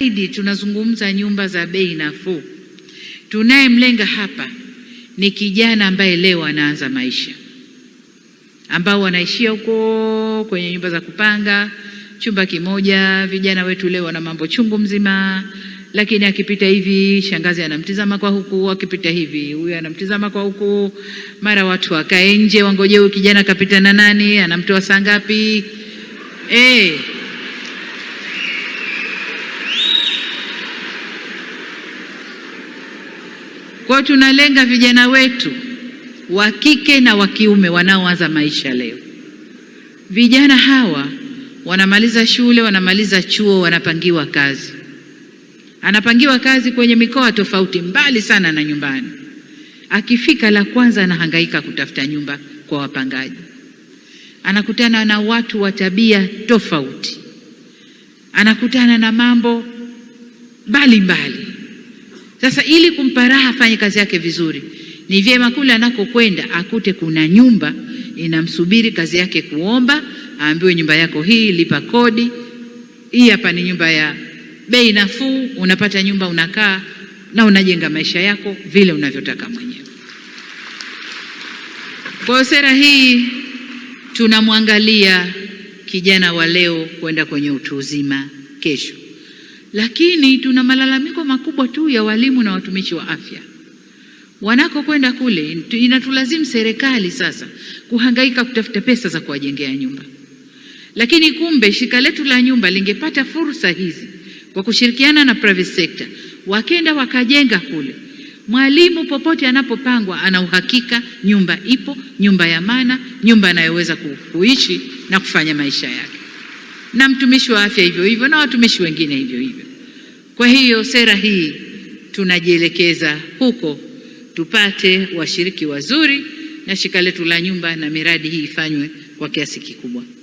Zaidi tunazungumza nyumba za bei nafuu. Tunayemlenga hapa ni kijana ambaye leo anaanza maisha, ambao wanaishia huko kwenye nyumba za kupanga chumba kimoja. Vijana wetu leo wana mambo chungu mzima, lakini akipita hivi shangazi anamtizama kwa huku, akipita hivi huyu anamtizama kwa huku, mara watu wakae nje, wangoje huyu kijana kapita na nani, anamtoa saa ngapi? Eh. Kwa hiyo tunalenga vijana wetu wa kike na wa kiume wanaoanza maisha leo. Vijana hawa wanamaliza shule, wanamaliza chuo, wanapangiwa kazi. Anapangiwa kazi kwenye mikoa tofauti, mbali sana na nyumbani. Akifika la kwanza, anahangaika kutafuta nyumba kwa wapangaji, anakutana na watu wa tabia tofauti, anakutana na mambo mbalimbali sasa ili kumpa raha afanye kazi yake vizuri, ni vyema kule anakokwenda akute kuna nyumba inamsubiri kazi yake kuomba, aambiwe nyumba yako hii, lipa kodi hii, hapa ni nyumba ya bei nafuu, unapata nyumba, unakaa na unajenga maisha yako vile unavyotaka mwenyewe. Kwa sera hii tunamwangalia kijana wa leo kwenda kwenye utu uzima kesho. Lakini tuna malalamiko makubwa tu ya walimu na watumishi wa afya wanakokwenda kule. Inatulazimu serikali sasa kuhangaika kutafuta pesa za kuwajengea nyumba, lakini kumbe shirika letu la nyumba lingepata fursa hizi kwa kushirikiana na private sector, wakenda wakajenga kule. Mwalimu popote anapopangwa ana uhakika nyumba ipo, nyumba ya maana, nyumba anayoweza kuishi na kufanya maisha yake na mtumishi wa afya hivyo hivyo na watumishi wengine hivyo hivyo. Kwa hiyo sera hii tunajielekeza huko, tupate washiriki wazuri na shirika letu la nyumba, na miradi hii ifanywe kwa kiasi kikubwa.